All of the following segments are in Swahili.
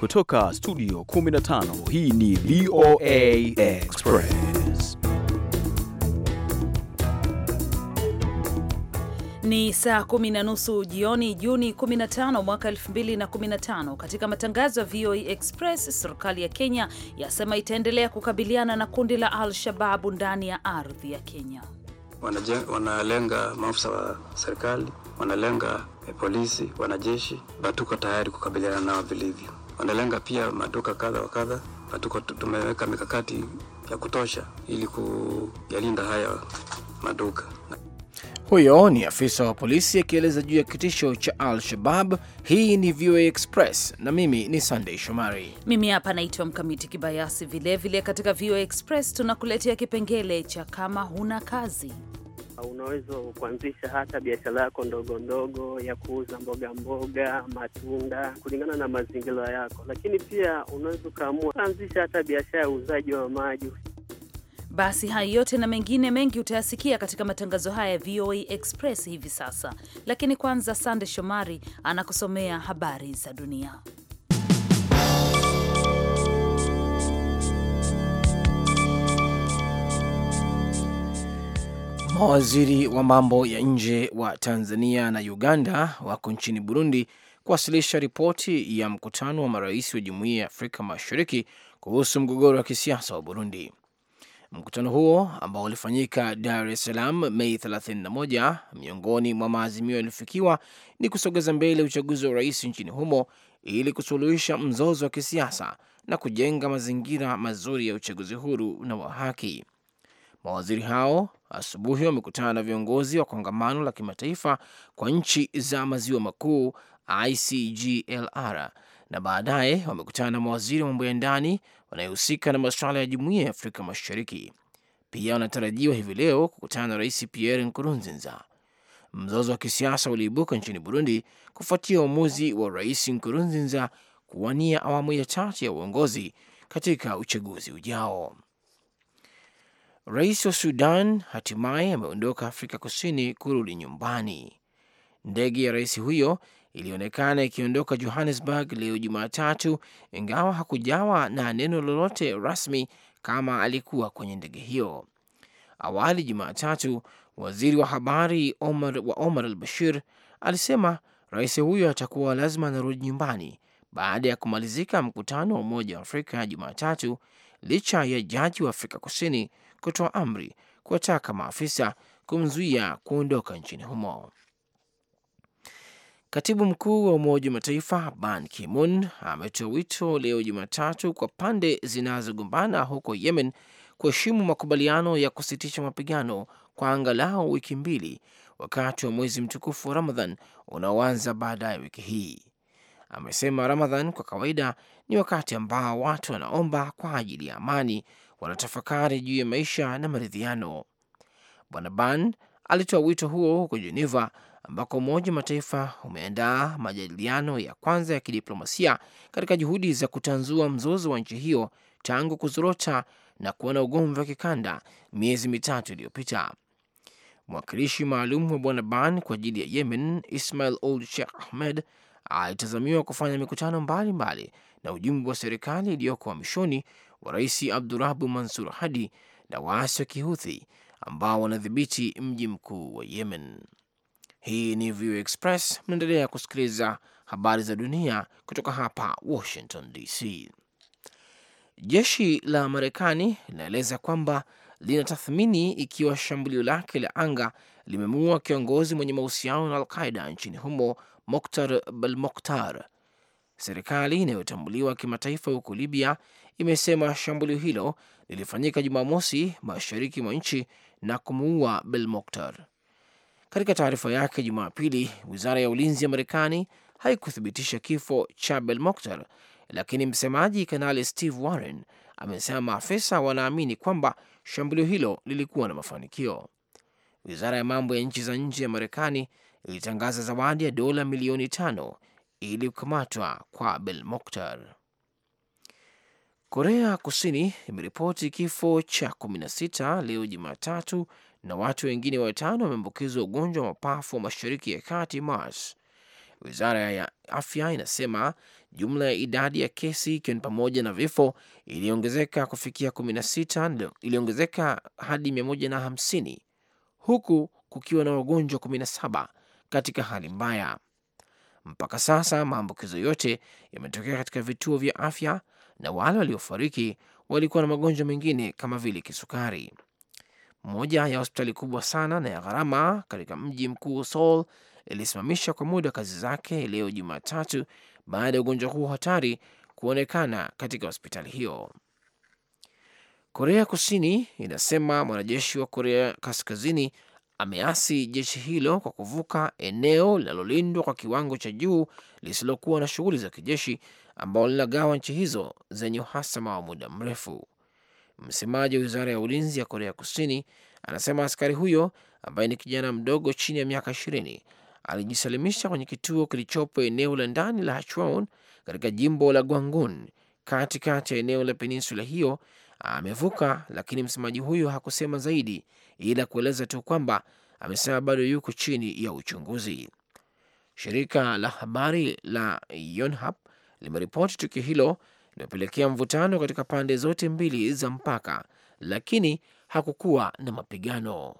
Kutoka studio 15 hii ni VOA Express. Ni saa kumi na nusu jioni, Juni 15 mwaka 2015. Katika matangazo ya VOA Express, serikali ya Kenya yasema itaendelea kukabiliana na kundi la Al-Shababu ndani ya ardhi ya Kenya. Wanalenga maafisa wa serikali, wanalenga polisi, wanajeshi, batuko tayari kukabiliana nao vilivyo wanalenga pia maduka kadha wa kadha, na tuko tumeweka mikakati ya kutosha ili kuyalinda haya maduka. Huyo ni afisa wa polisi akieleza juu ya kitisho cha Al-Shabab. Hii ni VOA Express na mimi ni Sandey Shomari. Mimi hapa naitwa Mkamiti Kibayasi. Vilevile katika VOA Express tunakuletea kipengele cha kama huna kazi Ah, unaweza kuanzisha hata biashara yako ndogo ndogo ya kuuza mboga mboga, matunda kulingana na mazingira yako, lakini pia unaweza ukaamua kuanzisha hata biashara ya uuzaji wa maji. Basi hayo yote na mengine mengi utayasikia katika matangazo haya ya VOA Express hivi sasa, lakini kwanza, Sande Shomari anakusomea habari za dunia. Mawaziri wa mambo ya nje wa Tanzania na Uganda wako nchini Burundi kuwasilisha ripoti ya mkutano wa marais wa Jumuiya ya Afrika Mashariki kuhusu mgogoro wa kisiasa wa Burundi. Mkutano huo ambao ulifanyika Dar es Salaam Mei 31, miongoni mwa maazimio yaliyofikiwa ni kusogeza mbele uchaguzi wa urais nchini humo ili kusuluhisha mzozo wa kisiasa na kujenga mazingira mazuri ya uchaguzi huru na wa haki. Mawaziri hao asubuhi wamekutana na viongozi wa kongamano la kimataifa kwa nchi za maziwa makuu ICGLR na baadaye wamekutana na mawaziri wa mambo ya ndani wanayohusika na masuala ya jumuiya ya Afrika Mashariki. Pia wanatarajiwa hivi leo kukutana na Rais Pierre Nkurunziza. Mzozo wa kisiasa uliibuka nchini Burundi kufuatia uamuzi wa Rais Nkurunziza kuwania awamu ya tatu ya uongozi katika uchaguzi ujao. Rais wa Sudan hatimaye ameondoka Afrika Kusini kurudi nyumbani. Ndege ya rais huyo ilionekana ikiondoka Johannesburg leo Jumatatu, ingawa hakujawa na neno lolote rasmi kama alikuwa kwenye ndege hiyo. Awali Jumatatu, waziri wa habari Omar, wa Omar al Bashir alisema rais huyo atakuwa lazima anarudi nyumbani baada ya kumalizika mkutano wa Umoja wa Afrika Jumatatu licha ya jaji wa Afrika Kusini kutoa amri kuwataka maafisa kumzuia kuondoka nchini humo. Katibu mkuu wa Umoja wa Mataifa Ban Ki-moon ametoa wito leo Jumatatu kwa pande zinazogombana huko Yemen kuheshimu makubaliano ya kusitisha mapigano kwa angalau wiki mbili wakati wa mwezi mtukufu wa Ramadhan unaoanza baadaye wiki hii amesema Ramadhan kwa kawaida ni wakati ambao watu wanaomba kwa ajili ya amani, wanatafakari juu ya maisha na maridhiano. Bwana Ban alitoa wito huo huko Geneva ambako Umoja wa Mataifa umeandaa majadiliano ya kwanza ya kidiplomasia katika juhudi za kutanzua mzozo wa nchi hiyo tangu kuzorota na kuwa na ugomvi wa kikanda miezi mitatu iliyopita. Mwakilishi maalum wa Bwana Ban kwa ajili ya Yemen, Ismail Old Sheikh Ahmed, alitazamiwa kufanya mikutano mbalimbali mbali na ujumbe wa serikali iliyoko uhamishoni wa Rais Abdurabu Mansur Hadi na waasi wa Kihuthi ambao wanadhibiti mji mkuu wa Yemen. Hii ni VOA Express, mnaendelea kusikiliza habari za dunia kutoka hapa Washington DC. Jeshi la Marekani linaeleza kwamba linatathmini ikiwa shambulio lake la anga limemuua kiongozi mwenye mahusiano na Alqaida nchini humo Moktar Belmokhtar. Serikali inayotambuliwa kimataifa huko Libya imesema shambulio hilo lilifanyika Jumamosi mashariki mwa nchi na kumuua Belmokhtar. Katika taarifa yake Jumapili, wizara ya ulinzi ya Marekani haikuthibitisha kifo cha Belmokhtar, lakini msemaji Kanali Steve Warren amesema maafisa wanaamini kwamba shambulio hilo lilikuwa na mafanikio wizara ya mambo ya nchi za nje ya Marekani ilitangaza zawadi ya dola milioni tano ili kukamatwa kwa Belmokhtar. Korea Kusini imeripoti kifo cha 16 leo Jumatatu na watu wengine watano wameambukizwa ugonjwa wa mapafu wa mashariki ya kati mars. Wizara ya afya inasema jumla ya idadi ya kesi ikiwa ni pamoja na vifo iliongezeka kufikia 16 iliongezeka hadi 150 huku kukiwa na wagonjwa 17 katika hali mbaya. Mpaka sasa maambukizo yote yametokea katika vituo vya afya na wale waliofariki walikuwa na magonjwa mengine kama vile kisukari. Moja ya hospitali kubwa sana na ya gharama katika mji mkuu Seoul ilisimamisha kwa muda kazi zake leo Jumatatu baada ya ugonjwa huu hatari kuonekana katika hospitali hiyo. Korea Kusini inasema mwanajeshi wa Korea Kaskazini ameasi jeshi hilo kwa kuvuka eneo linalolindwa kwa kiwango cha juu lisilokuwa na shughuli za kijeshi ambalo linagawa nchi hizo zenye uhasama wa muda mrefu. Msemaji wa wizara ya ulinzi ya Korea Kusini anasema askari huyo ambaye ni kijana mdogo chini ya miaka ishirini alijisalimisha kwenye kituo kilichopo eneo la ndani la Hachwon katika jimbo la Gwangun katikati ya eneo la peninsula hiyo amevuka, lakini msemaji huyo hakusema zaidi, ila kueleza tu kwamba amesema bado yuko chini ya uchunguzi. Shirika la habari la Yonhap limeripoti tukio hilo limepelekea mvutano katika pande zote mbili za mpaka, lakini hakukuwa na mapigano.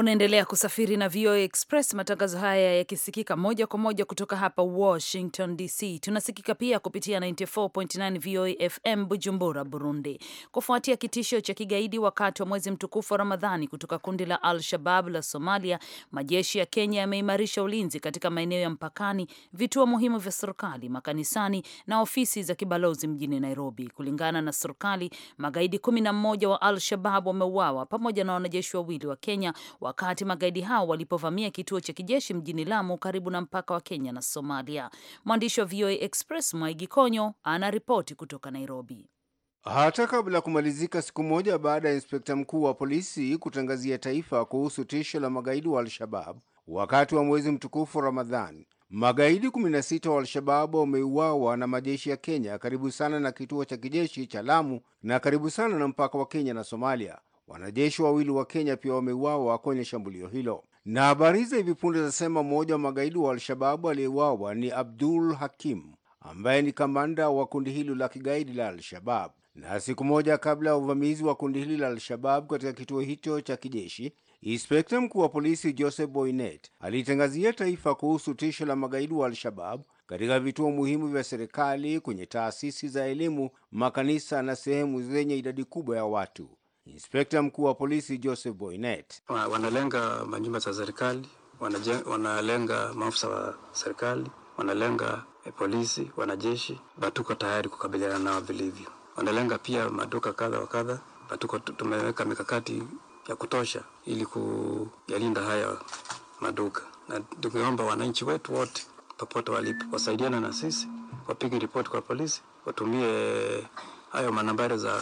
Unaendelea kusafiri na VOA Express, matangazo haya yakisikika moja kwa moja kutoka hapa Washington DC. Tunasikika pia kupitia 94.9 VOA FM Bujumbura, Burundi. Kufuatia kitisho cha kigaidi wakati wa mwezi mtukufu wa Ramadhani kutoka kundi la Al Shabab la Somalia, majeshi ya Kenya yameimarisha ulinzi katika maeneo ya mpakani, vituo muhimu vya serikali, makanisani na ofisi za kibalozi mjini Nairobi. Kulingana na serikali, magaidi 11 wa Al Shabab wameuawa pamoja na wanajeshi wawili wa Kenya wa wakati magaidi hao walipovamia kituo cha kijeshi mjini Lamu karibu na mpaka wa Kenya na Somalia. Mwandishi wa VOA Express Mwaigi Konyo anaripoti kutoka Nairobi. Hata kabla ya kumalizika siku moja baada ya inspekta mkuu wa polisi kutangazia taifa kuhusu tisho la magaidi wa Al-Shabab wakati wa mwezi mtukufu Ramadhan, magaidi 16 wa Al-Shababu wameuawa na majeshi ya Kenya karibu sana na kituo cha kijeshi cha Lamu na karibu sana na mpaka wa Kenya na Somalia. Wanajeshi wawili wa Kenya pia wameuawa kwenye shambulio hilo. Na habari za hivi punde zinasema mmoja wa magaidi wa Al-Shababu aliyeuawa ni Abdul Hakim ambaye ni kamanda wa kundi hilo la kigaidi la Al-Shabab. Na siku moja kabla ya uvamizi wa kundi hili la Al-Shabab katika kituo hicho cha kijeshi, Inspekta mkuu wa polisi Joseph Boynet alitangazia taifa kuhusu tisho la magaidi wa Al-Shabab katika vituo muhimu vya serikali, kwenye taasisi za elimu, makanisa na sehemu zenye idadi kubwa ya watu. Inspekta mkuu wa polisi Joseph Boynet: wanalenga manyumba za serikali, wanalenga maafisa wa serikali, wanalenga eh, polisi, wanajeshi, batuko tayari kukabiliana nao vilivyo. Wanalenga pia maduka kadha wa kadha, batuko tumeweka mikakati ya kutosha ili kuyalinda haya maduka, na tungeomba wananchi wetu wote popote walipo wasaidiana na sisi, wapige ripoti kwa polisi, watumie hayo manambari za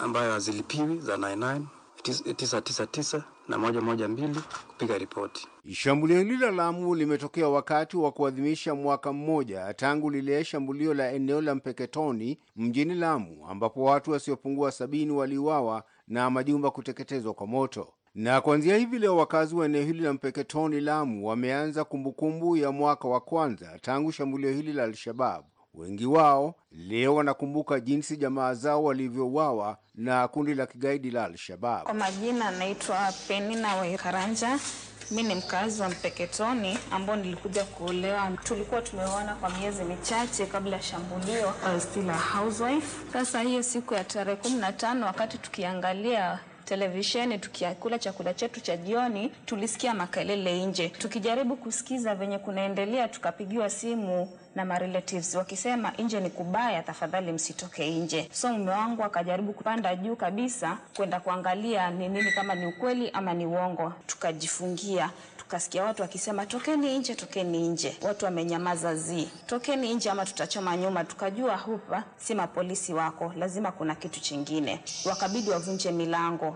ambayo hazilipiwi za 99 999 na moja moja mbili kupiga ripoti. Shambulio hili la Lamu limetokea wakati wa kuadhimisha mwaka mmoja tangu lile shambulio la eneo la Mpeketoni mjini Lamu, ambapo watu wasiopungua sabini waliuawa na majumba kuteketezwa kwa moto. Na kuanzia hivi leo wakazi wa eneo hili la Mpeketoni Lamu wameanza kumbukumbu ya mwaka wa kwanza tangu shambulio hili la alshababu Wengi wao leo wanakumbuka jinsi jamaa zao walivyouawa na kundi la kigaidi la Al-Shabab. Kwa majina anaitwa Penina Waikaranja. Mi ni mkazi wa Mpeketoni ambao nilikuja kuolewa. Tulikuwa tumeona kwa miezi michache kabla ya shambulio. Still a housewife. Sasa hiyo siku ya tarehe kumi na tano wakati tukiangalia televisheni tukiakula chakula chetu cha jioni, tulisikia makelele nje. Tukijaribu kusikiza venye kunaendelea, tukapigiwa simu na marelatives wakisema nje ni kubaya, tafadhali msitoke nje. So mume wangu akajaribu kupanda juu kabisa kwenda kuangalia ni nini, kama ni ukweli ama ni uongo. Tukajifungia, tukasikia watu wakisema tokeni nje, tokeni nje. Watu wamenyamaza zi, tokeni nje ama tutachoma nyuma. Tukajua hupa si mapolisi wako, lazima kuna kitu chingine. Wakabidi wavunje milango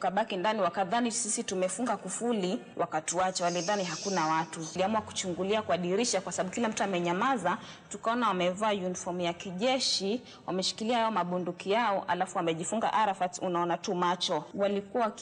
tukabaki ndani, wakadhani sisi tumefunga kufuli, wakatuacha. Walidhani hakuna watu, tuliamua kuchungulia kwa dirisha, kwa sababu kila mtu amenyamaza. Tukaona wamevaa uniform ya kijeshi, wameshikilia yao mabunduki yao, alafu wamejifunga Arafat, unaona tu macho. Walikuwa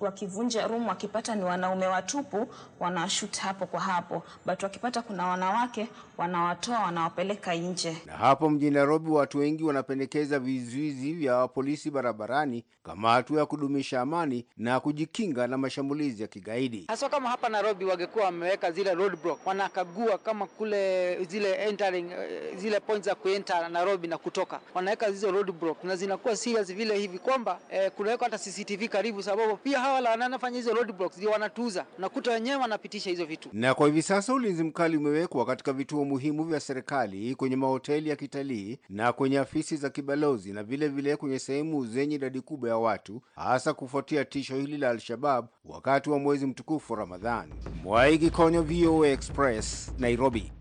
wakivunja room, wakipata ni wanaume watupu, wanashoot hapo kwa hapo, but wakipata kuna wanawake wanawatoa, wanawapeleka nje. Na hapo mjini Nairobi, watu wengi wanapendekeza vizuizi vya polisi barabarani kama hatua ya kudumisha amani amani na kujikinga na mashambulizi ya kigaidi. Haswa kama hapa Nairobi wangekuwa wameweka zile roadblock, wanakagua kama kule zile entering, eh, zile points za kuenta Nairobi na kutoka, wanaweka hizo roadblock na zinakuwa serious vile hivi kwamba eh, kunawekwa hata CCTV karibu, sababu pia hawa wanafanya hizo roadblocks ndio wanatuuza, nakuta wenyewe wanapitisha hizo vitu. Na kwa hivi sasa ulinzi mkali umewekwa katika vituo muhimu vya serikali, kwenye mahoteli ya kitalii na kwenye afisi za kibalozi na vilevile vile kwenye sehemu zenye idadi kubwa ya watu hasa kufuatia kufuatia tisho hili la Al-Shabab wakati wa mwezi mtukufu Ramadhani. Mwaiki Konyo, VOA Express, Nairobi.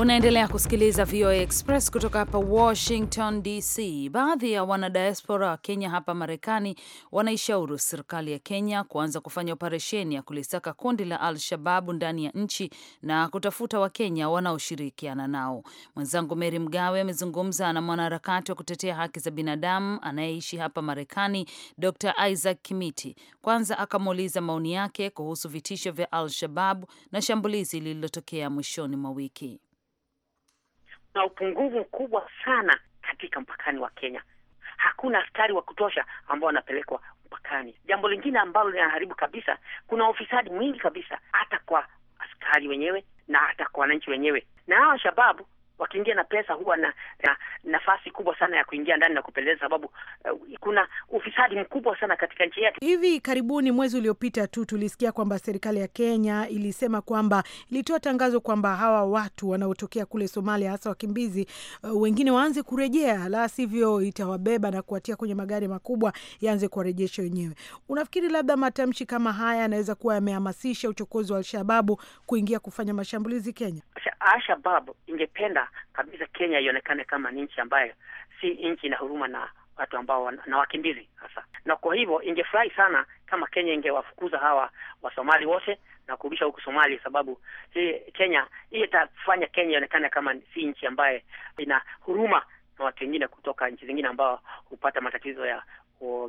Unaendelea kusikiliza VOA Express kutoka hapa Washington DC. Baadhi ya wanadiaspora wa Kenya hapa Marekani wanaishauru serikali ya Kenya kuanza kufanya operesheni ya kulisaka kundi la Al-Shababu ndani ya nchi na kutafuta Wakenya wanaoshirikiana nao. Mwenzangu Meri Mgawe amezungumza na mwanaharakati wa kutetea haki za binadamu anayeishi hapa Marekani, Dr Isaac Kimiti. Kwanza akamuuliza maoni yake kuhusu vitisho vya Al-Shababu na shambulizi lililotokea mwishoni mwa wiki kuna upungufu mkubwa sana katika mpakani wa Kenya. Hakuna askari wa kutosha ambao wanapelekwa mpakani. Jambo lingine ambalo linaharibu kabisa, kuna ufisadi mwingi kabisa, hata kwa askari wenyewe na hata kwa wananchi wenyewe, na hawa shababu wakiingia na pesa huwa na, na nafasi kubwa sana ya kuingia ndani na kupeleza sababu uh, kuna ufisadi mkubwa sana katika nchi yetu. Hivi karibuni mwezi uliopita tu tulisikia kwamba serikali ya Kenya ilisema kwamba ilitoa tangazo kwamba hawa watu wanaotokea kule Somalia, hasa wakimbizi uh, wengine waanze kurejea, la sivyo itawabeba na kuwatia kwenye magari makubwa yaanze kuwarejesha wenyewe. Unafikiri labda matamshi kama haya yanaweza kuwa yamehamasisha uchokozi wa Alshababu kuingia kufanya mashambulizi Kenya? Alshababu ingependa kabisa Kenya ionekane kama ni nchi ambayo si nchi na huruma na watu ambao na wakimbizi hasa, na kwa hivyo ingefurahi sana kama Kenya ingewafukuza hawa Wasomali wote na kurudisha huku Somali, sababu Kenya hii itafanya Kenya ionekane kama si nchi ambayo ina huruma na watu wengine kutoka nchi zingine ambao hupata matatizo ya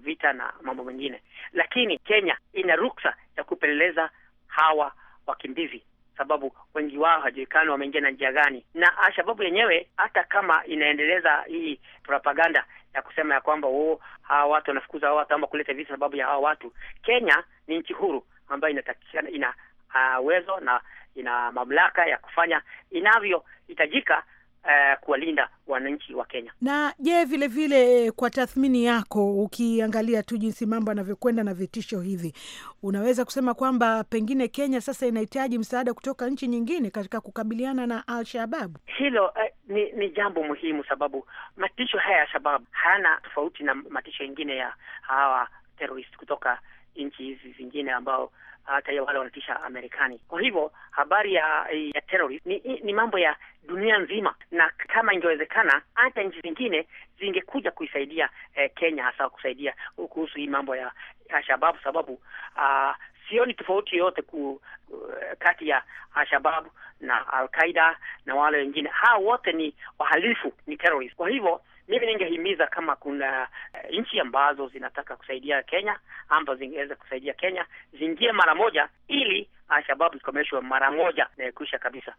vita na mambo mengine. Lakini Kenya ina ruksa ya kupeleleza hawa wakimbizi sababu wengi wao hajulikani wameingia na njia gani. Na Alshababu yenyewe hata kama inaendeleza hii propaganda ya kusema ya kwamba oh, hawa watu wanafukuza hawa watu ama kuleta visa sababu ya hawa watu, Kenya ni nchi huru ambayo inatakikana ina ah, uwezo uh, na ina mamlaka ya kufanya inavyohitajika uh, kuwalinda wananchi wa Kenya. Na je, vile vile eh, kwa tathmini yako, ukiangalia tu jinsi mambo yanavyokwenda na vitisho hivi, unaweza kusema kwamba pengine Kenya sasa inahitaji msaada kutoka nchi nyingine katika kukabiliana na Al-Shabaab? Hilo uh, ni, ni jambo muhimu, sababu matisho haya ya Shabaab hayana tofauti na matisho yengine ya hawa terrorist kutoka nchi hizi zingine ambao hata ya wale wanatisha Amerikani. Kwa hivyo habari ya, ya terrorist ni, ni mambo ya dunia nzima, na kama ingewezekana hata nchi zingine zingekuja kuisaidia eh, Kenya hasa kusaidia kuhusu hii mambo ya Alshababu sababu uh, sioni tofauti yoyote ku, uh, kati ya Alshabab na al qaida na wale wengine. Hawa wote ni wahalifu, ni terrorist. Kwa hivyo mimi ningehimiza kama kuna uh, nchi ambazo zinataka kusaidia Kenya ambazo zingeweza kusaidia Kenya ziingie mara moja, ili Alshababu ikomeshwe mara moja na eh, kuisha kabisa.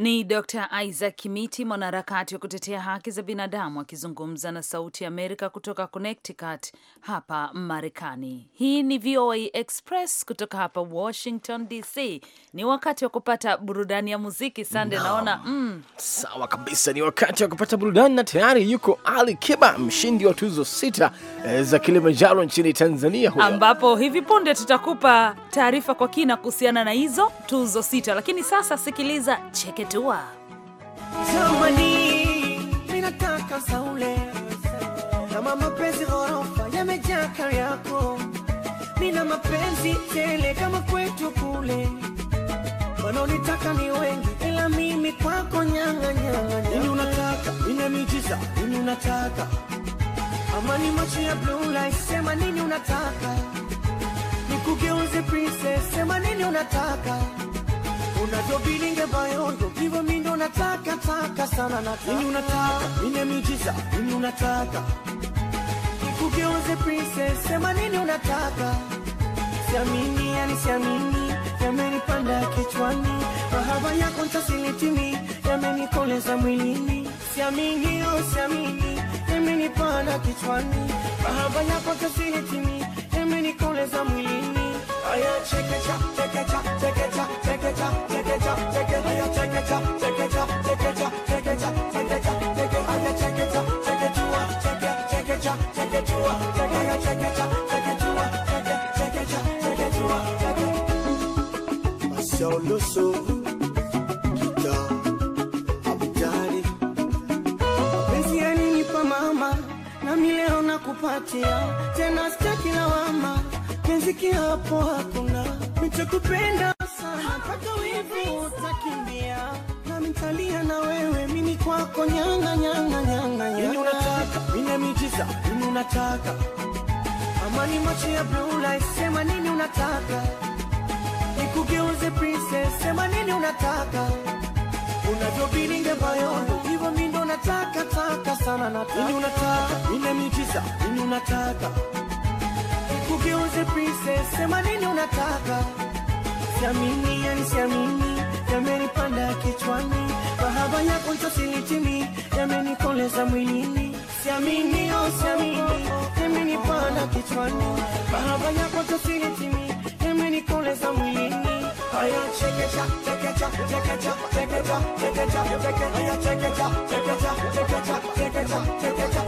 Ni Dr Isaac Kimiti, mwanaharakati wa kutetea haki za binadamu, akizungumza na Sauti ya Amerika kutoka Connecticut hapa Marekani. Hii ni VOA Express kutoka hapa Washington DC. Ni wakati wa kupata burudani ya muziki. Sande, naona mm. Sawa kabisa, ni wakati wa kupata burudani na tayari yuko Ali Kiba, mshindi wa tuzo sita eh, za Kilimanjaro nchini Tanzania huyo, ambapo hivi punde tutakupa taarifa kwa kina kuhusiana na hizo tuzo sita, lakini sasa sikiliza cheke Dua. Zamani minataka saule kama mapenzi ghorofa yamejaa kari yako, nina mapenzi tele kama kwetu kule, wanaonitaka ni wengi, ila mimi kwako nyanga nyanga. Nini unataka? Nini miujiza? Nini unataka? Amani macho ya blue light, sema nini unataka? Nikugeuze princess, sema nini unataka? unatobilinge bayondo hivyo mindo nataka taka sana nini unataka nini ya nini unataka kugeuze princess sema nini unataka siamini yani siamini yamenipanda kichwani mahaba yako ntasilitimi yamenikoleza mwilini siamini o oh, siamini yamenipanda kichwani mahaba yako ntasilitimi yamenikoleza mwilini aya chekecha cheke Loso, Kita, Abidari. Penzi ya nini pa mama, nami leo nakupatia, tena sitaki lawama, riziki hapo hakuna, nitakupenda unataka wivu utakimbia, nami na wewe, mimi kwako nyanga nyanga nyanga. Nini unataka amani, macho ya blue light, sema nini unataka nikugeuze princess, sema nini unataka unavyobiringa bayondo hivyo, mimi nataka taka sana, nini unataka mimi Nini unataka nikugeuze princess, sema nini unataka Siamini, yani siamini, yamenipanda kichwani, mahaba yako nitosilichini, yamenikoleza mwilini. Siamini, oh siamini, yamenipanda kichwani, mahaba yako nitosilichini, yamenikoleza mwilini. Haya chekecha, chekecha, chekecha, chekecha, chekecha, chekecha, haya chekecha, chekecha, chekecha, chekecha, chekecha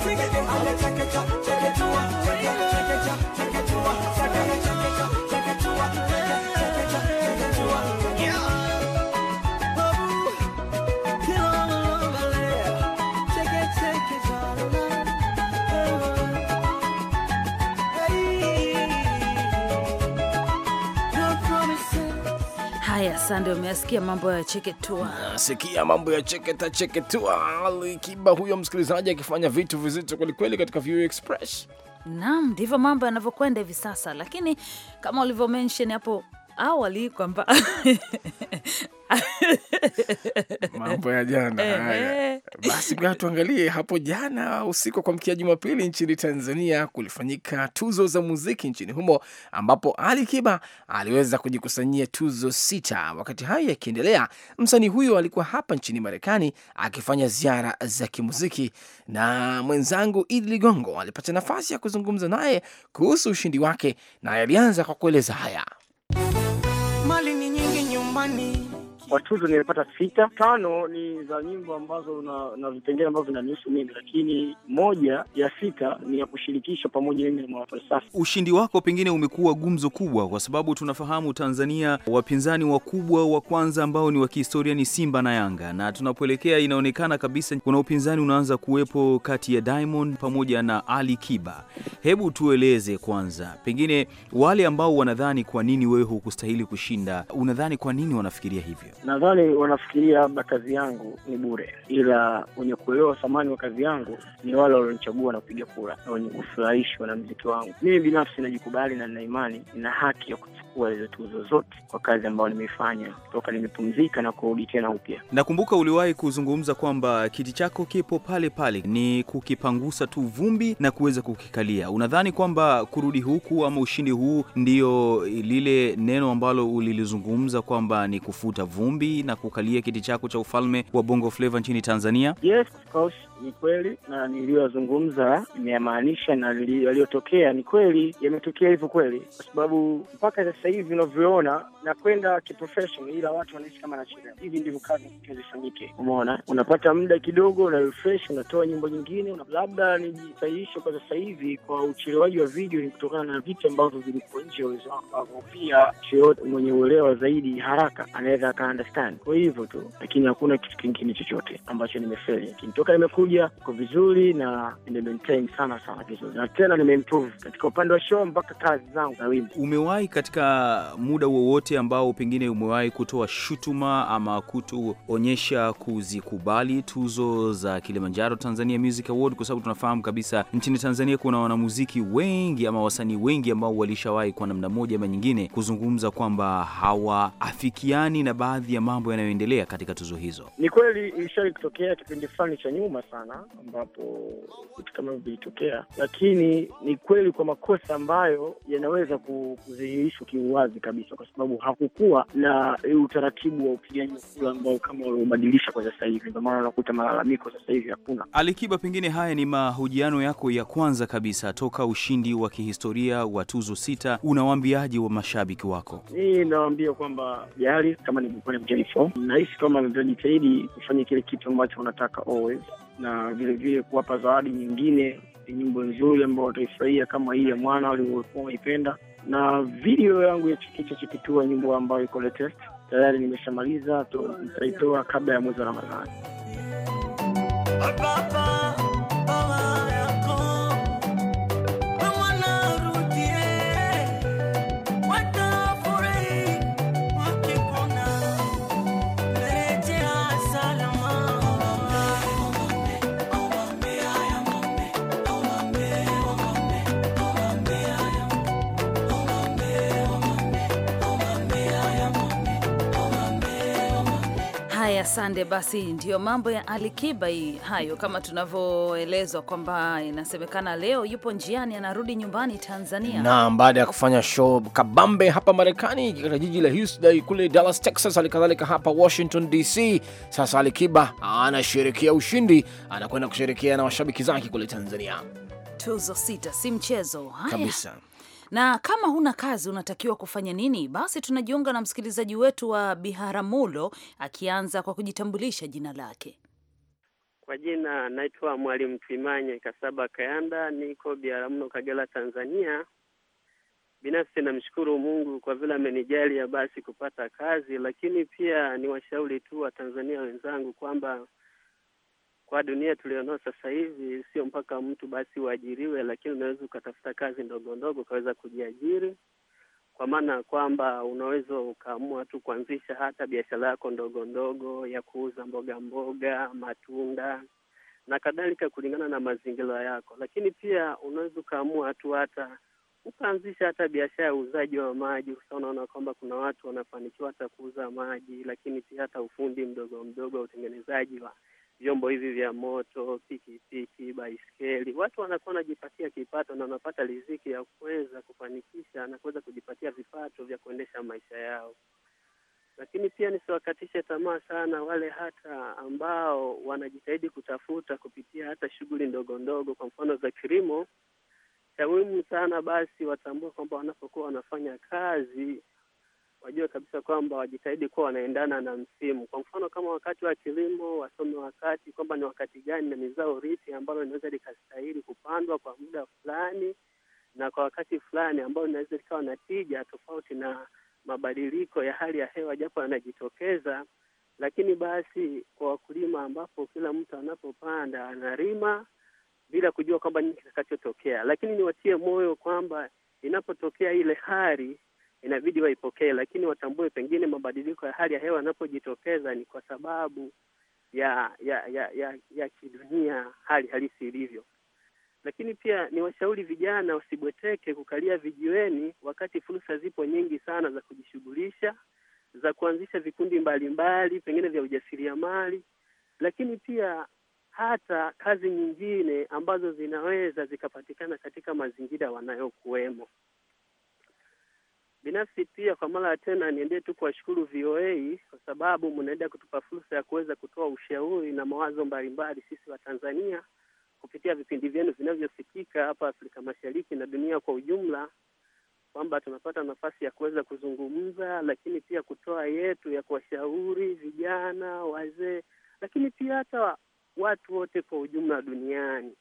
Sande, umeasikia mambo ya cheketua, nasikia mambo ya cheketa cheketua. Alikiba Kiba huyo msikilizaji akifanya vitu vizito kwelikweli katika View Express. Naam, ndivyo mambo yanavyokwenda hivi sasa, lakini kama ulivyo mention hapo awali kwamba mambo ya jana haya. Basi bwana, tuangalie hapo jana usiku kwa mkia Jumapili nchini Tanzania kulifanyika tuzo za muziki nchini humo, ambapo Ali Kiba aliweza kujikusanyia tuzo sita. Wakati hayo yakiendelea, msanii huyo alikuwa hapa nchini Marekani akifanya ziara za kimuziki, na mwenzangu Idi Ligongo alipata nafasi ya kuzungumza naye kuhusu ushindi wake, na alianza kwa kueleza haya mali ni nyingi nyumbani kwa tuzo nimepata sita, tano ni za nyimbo ambazo na, na vipengele ambavyo vinanihusu mimi, lakini moja ya sita ni ya kushirikisha pamoja mimi na mwanafalsafa. Ushindi wako pengine umekuwa gumzo kubwa, kwa sababu tunafahamu Tanzania wapinzani wakubwa wa kwanza ambao ni wa kihistoria ni Simba na Yanga, na tunapoelekea inaonekana kabisa kuna upinzani unaanza kuwepo kati ya Diamond pamoja na Ali Kiba. Hebu tueleze kwanza, pengine wale ambao wanadhani kwa nini wewe hukustahili kushinda, unadhani kwa nini wanafikiria hivyo? Nadhani wanafikiria labda kazi yangu ni bure, ila wenye kuelewa thamani wa kazi yangu ni wale walionichagua na kupiga kura na wenye kufurahishwa na mziki wangu. Mimi binafsi najikubali na ninaimani imani nina haki ya kuchukua hizo tuzo zote kwa kazi ambayo nimeifanya toka nimepumzika na kurudi tena upya. Nakumbuka uliwahi kuzungumza kwamba kiti chako kipo pale pale, ni kukipangusa tu vumbi na kuweza kukikalia. Unadhani kwamba kurudi huku ama ushindi huu ndiyo lile neno ambalo ulilizungumza kwamba ni kufuta vumbi mavumbi na kukalia kiti chako cha ufalme wa Bongo Flava nchini Tanzania? Yes, of course ni kweli na niliyozungumza nimeyamaanisha, na yaliyotokea ni kweli, yametokea hivyo kweli, kwa sababu mpaka sasa hivi unavyoona na kwenda kiprofession, ila watu wanaishi kama nachelewa. Hivi ndivyo kazi zifanyike. Umeona, unapata muda kidogo, una refresh, unatoa nyimbo nyingine, labda nijisahihishe kwa sasa hivi kwa uchelewaji wa video ni kutokana na vitu ambavyo vilipo nje uwezo wako, ambavyo pia chyote mwenye uelewa zaidi haraka anaweza aka Kwa hivyo tu, lakini hakuna kitu kingine chochote ambacho nimefeli, lakini toka nimekuja moja iko vizuri na nimemaintain sana sana vizuri, na tena nimeimprove katika upande wa show mpaka kazi zangu za wimbo. Umewahi katika muda wowote ambao pengine umewahi kutoa shutuma ama kutuonyesha kuzikubali tuzo za Kilimanjaro Tanzania Music Award? Kwa sababu tunafahamu kabisa nchini Tanzania kuna wanamuziki wengi ama wasanii wengi ambao walishawahi kwa namna moja ama nyingine kuzungumza kwamba hawaafikiani na baadhi ya mambo yanayoendelea katika tuzo hizo. Ni kweli ilishawahi kutokea kipindi fulani cha nyuma sana sana, ambapo vitu kama hivyo vilitokea, lakini ni kweli kwa makosa ambayo yanaweza kudhihirishwa kiuwazi kabisa, kwa sababu hakukuwa na eh, utaratibu wa upigaji kura ambao kama waliobadilisha kwa sasa hivi. Ndio maana unakuta malalamiko sasa hivi hakuna. Alikiba, pengine haya ni mahojiano yako ya kwanza kabisa toka ushindi wa kihistoria wa tuzo sita, unawaambiaje wa mashabiki wako? Mii nawaambia kwamba jari kama nilikuwa ni nahisi kwamba najitahidi kufanya kile kitu ambacho unataka always na vilevile kuwapa zawadi nyingine nyimbo nzuri ambao wataifurahia kama hii ya mwana walivyokuwa waipenda, na video yangu ya Chikicha Chikitua, nyimbo ambayo iko latest tayari nimeshamaliza, nitaitoa kabla ya mwezi wa Ramadhani. Asante. Basi ndiyo mambo ya Alikiba hayo, kama tunavyoelezwa kwamba inasemekana leo yupo njiani anarudi nyumbani Tanzania, na baada ya kufanya show kabambe hapa Marekani, katika jiji la Houston kule Dallas, Texas, halikadhalika hapa Washington DC. Sasa Alikiba anasherekea ushindi, anakwenda kusherekea na washabiki zake kule Tanzania. Tuzo sita si mchezo kabisa. Na kama huna kazi unatakiwa kufanya nini? Basi tunajiunga na msikilizaji wetu wa Biharamulo akianza kwa kujitambulisha jina lake. Kwa jina naitwa Mwalimu Timanye Kasaba Kayanda, niko Biharamulo, Kagera, Tanzania. Binafsi namshukuru Mungu kwa vile amenijalia basi kupata kazi, lakini pia ni washauri tu wa Tanzania wenzangu kwamba kwa dunia tulionao sasa hivi, sio mpaka mtu basi uajiriwe, lakini unaweza ukatafuta kazi ndogo ndogo ukaweza kujiajiri, kwa maana ya kwamba unaweza ukaamua tu kuanzisha hata biashara yako ndogo ndogo ya kuuza mboga mboga, matunda na kadhalika, kulingana na mazingira yako. Lakini pia unaweza ukaamua tu hata ukaanzisha hata biashara ya uuzaji wa maji. Sasa unaona kwamba kuna watu wanafanikiwa hata kuuza maji, lakini pia hata ufundi mdogo mdogo wa utengenezaji wa vyombo hivi vya moto, pikipiki, baiskeli, watu wanakuwa wanajipatia kipato na wanapata riziki ya kuweza kufanikisha na kuweza kujipatia vipato vya kuendesha maisha yao. Lakini pia nisiwakatishe tamaa sana wale hata ambao wanajitahidi kutafuta kupitia hata shughuli ndogo ndogo, kwa mfano za kilimo. Cha muhimu sana basi watambue kwamba wanapokuwa wanafanya kazi wajue kabisa kwamba wajitahidi kuwa wanaendana na msimu. Kwa mfano kama wakati wa kilimo, wasome wakati kwamba ni wakati gani na ni zao ambalo linaweza likastahili kupandwa kwa muda fulani na kwa wakati fulani, ambalo linaweza likawa na tija tofauti na mabadiliko ya hali ya hewa, japo yanajitokeza lakini basi kwa wakulima, ambapo kila mtu anapopanda analima bila kujua kwamba nini kitakachotokea, lakini niwatie moyo kwamba inapotokea ile hali inabidi waipokee, lakini watambue pengine mabadiliko ya hali ya hewa yanapojitokeza ni kwa sababu ya ya ya ya, ya kidunia hali halisi ilivyo. Lakini pia ni washauri vijana wasibweteke kukalia vijiweni, wakati fursa zipo nyingi sana za kujishughulisha, za kuanzisha vikundi mbalimbali mbali, pengine vya ujasiriamali, lakini pia hata kazi nyingine ambazo zinaweza zikapatikana katika mazingira wanayokuwemo. Binafsi pia kwa mara ya tena niendee tu kuwashukuru VOA kwa sababu mnaendelea kutupa fursa ya kuweza kutoa ushauri na mawazo mbalimbali sisi wa Tanzania kupitia vipindi vyenu vinavyosikika hapa Afrika Mashariki na dunia kwa ujumla, kwamba tunapata nafasi ya kuweza kuzungumza, lakini pia kutoa yetu ya kuwashauri vijana, wazee, lakini pia hata watu wote kwa ujumla duniani.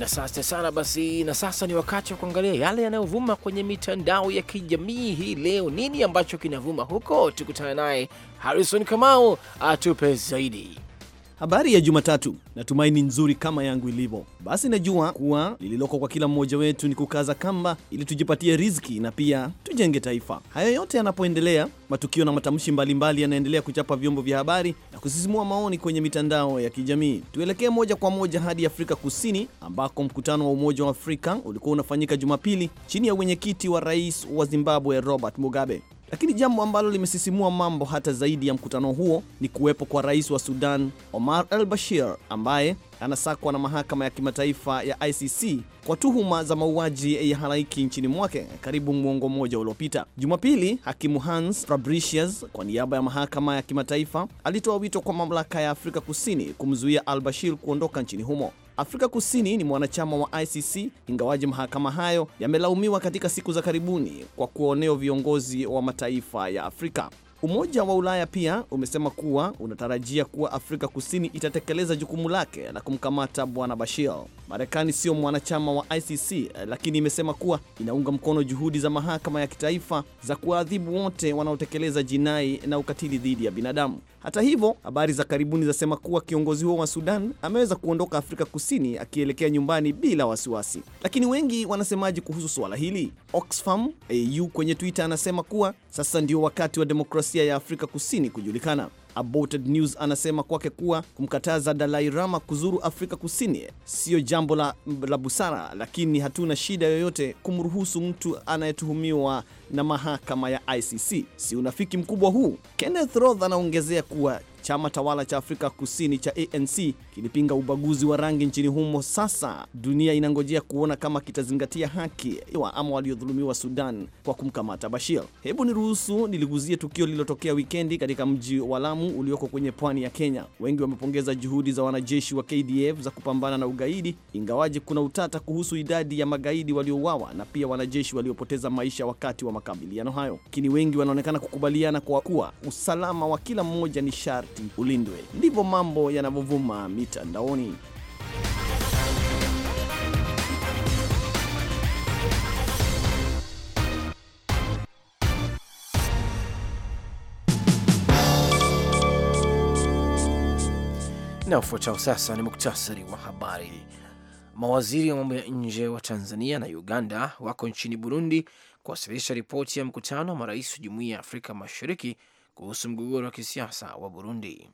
na sasa sana basi, na sasa ni wakati wa kuangalia yale yanayovuma kwenye mitandao ya kijamii hii leo. Nini ambacho kinavuma huko? Tukutana naye Harrison Kamau atupe zaidi. Habari ya Jumatatu, natumaini nzuri kama yangu ilivyo. Basi najua kuwa lililoko kwa kila mmoja wetu ni kukaza kamba ili tujipatie riziki na pia tujenge taifa. Hayo yote yanapoendelea, matukio na matamshi mbalimbali yanaendelea kuchapa vyombo vya habari na kusisimua maoni kwenye mitandao ya kijamii. Tuelekee moja kwa moja hadi Afrika Kusini ambako mkutano wa Umoja wa Afrika ulikuwa unafanyika Jumapili chini ya wenyekiti wa rais wa Zimbabwe Robert Mugabe. Lakini jambo ambalo limesisimua mambo hata zaidi ya mkutano huo ni kuwepo kwa rais wa Sudan Omar al Bashir ambaye anasakwa na mahakama ya kimataifa ya ICC kwa tuhuma za mauaji ya halaiki nchini mwake karibu mwongo mmoja uliopita. Jumapili, hakimu Hans Fabricius kwa niaba ya mahakama ya kimataifa alitoa wito kwa mamlaka ya Afrika Kusini kumzuia al Bashir kuondoka nchini humo. Afrika Kusini ni mwanachama wa ICC ingawaji mahakama hayo yamelaumiwa katika siku za karibuni kwa kuoneo viongozi wa mataifa ya Afrika. Umoja wa Ulaya pia umesema kuwa unatarajia kuwa Afrika Kusini itatekeleza jukumu lake la kumkamata Bwana Bashir. Marekani sio mwanachama wa ICC, lakini imesema kuwa inaunga mkono juhudi za mahakama ya kitaifa za kuwaadhibu wote wanaotekeleza jinai na ukatili dhidi ya binadamu. Hata hivyo, habari za karibuni zasema kuwa kiongozi huo wa Sudan ameweza kuondoka Afrika Kusini akielekea nyumbani bila wasiwasi. Lakini wengi wanasemaje kuhusu suala hili? Oxfam AU kwenye Twitter anasema kuwa sasa ndio wakati wa demokrasia ya Afrika Kusini kujulikana. Aborted News anasema kwake kuwa kumkataza Dalai Lama kuzuru Afrika Kusini siyo jambo la, la busara, lakini hatuna shida yoyote kumruhusu mtu anayetuhumiwa na mahakama ya ICC. Si unafiki mkubwa huu? Kenneth Roth anaongezea kuwa chama tawala cha Afrika Kusini cha ANC kilipinga ubaguzi wa rangi nchini humo. Sasa dunia inangojea kuona kama kitazingatia haki wa ama waliodhulumiwa Sudan kwa kumkamata Bashir. Hebu niruhusu niliguzie tukio lililotokea wikendi katika mji wa Lamu ulioko kwenye pwani ya Kenya. Wengi wamepongeza juhudi za wanajeshi wa KDF za kupambana na ugaidi, ingawaje kuna utata kuhusu idadi ya magaidi waliouawa na pia wanajeshi waliopoteza maisha wakati wa makabiliano hayo. Lakini wengi wanaonekana kukubaliana kwa kuwa usalama wa kila mmoja ni sharti ulindwe. Ndivyo mambo yanavyovuma mitandaoni. Na ufuatao sasa ni muktasari wa habari. Mawaziri wa mambo ya nje wa Tanzania na Uganda wako nchini Burundi kuwasilisha ripoti ya mkutano wa marais wa Jumuiya ya Afrika Mashariki kuhusu mgogoro wa kisiasa wa Burundi.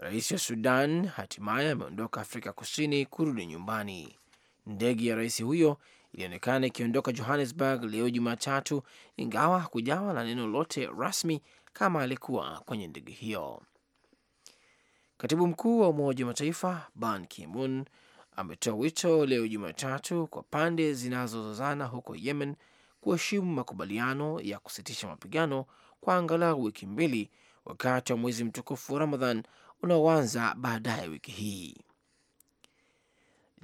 Rais wa Sudan hatimaye ameondoka Afrika Kusini kurudi nyumbani. Ndege ya rais huyo ilionekana ikiondoka Johannesburg leo Jumatatu, ingawa hakujawa na neno lote rasmi kama alikuwa kwenye ndege hiyo. Katibu mkuu wa Umoja wa Mataifa Ban Ki-moon ametoa wito leo Jumatatu kwa pande zinazozozana huko Yemen kuheshimu makubaliano ya kusitisha mapigano kwa angalau wiki mbili wakati wa mwezi mtukufu wa Ramadhan unaoanza baadaye wiki hii.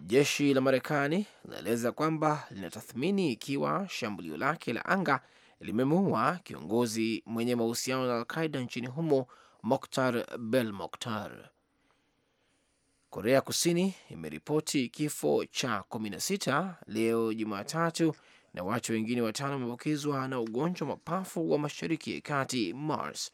Jeshi la Marekani linaeleza kwamba linatathmini ikiwa shambulio lake la anga limemuua kiongozi mwenye mahusiano na Alqaida nchini humo Moktar Bel Moktar. Korea Kusini imeripoti kifo cha 16 leo Jumatatu na watu wengine watano wameambukizwa na ugonjwa mapafu wa mashariki ya kati MARS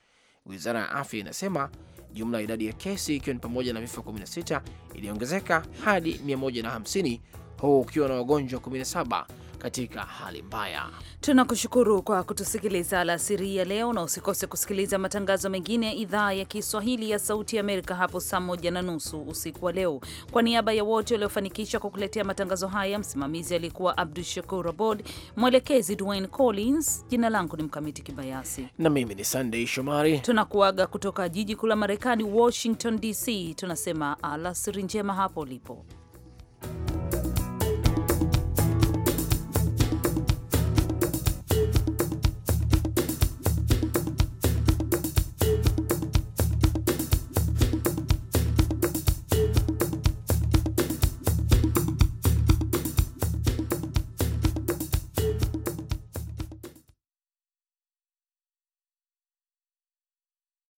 Wizara ya afya inasema jumla ya idadi ya kesi ikiwa ni pamoja na vifo 16 iliongezeka hadi 150 huku ukiwa na wagonjwa 17 katika hali mbaya. Tunakushukuru kwa kutusikiliza alasiri ya leo, na usikose kusikiliza matangazo mengine ya idhaa ya Kiswahili ya Sauti ya Amerika hapo saa moja na nusu usiku wa leo. Kwa niaba ya wote waliofanikisha kwa kuletea matangazo haya, msimamizi alikuwa Abdu Shakur Abod, mwelekezi Dwayne Collins, jina langu ni Mkamiti Kibayasi na mimi ni Sandey Shomari. Tunakuaga kutoka jiji kuu la Marekani, Washington DC. Tunasema alasiri njema hapo ulipo.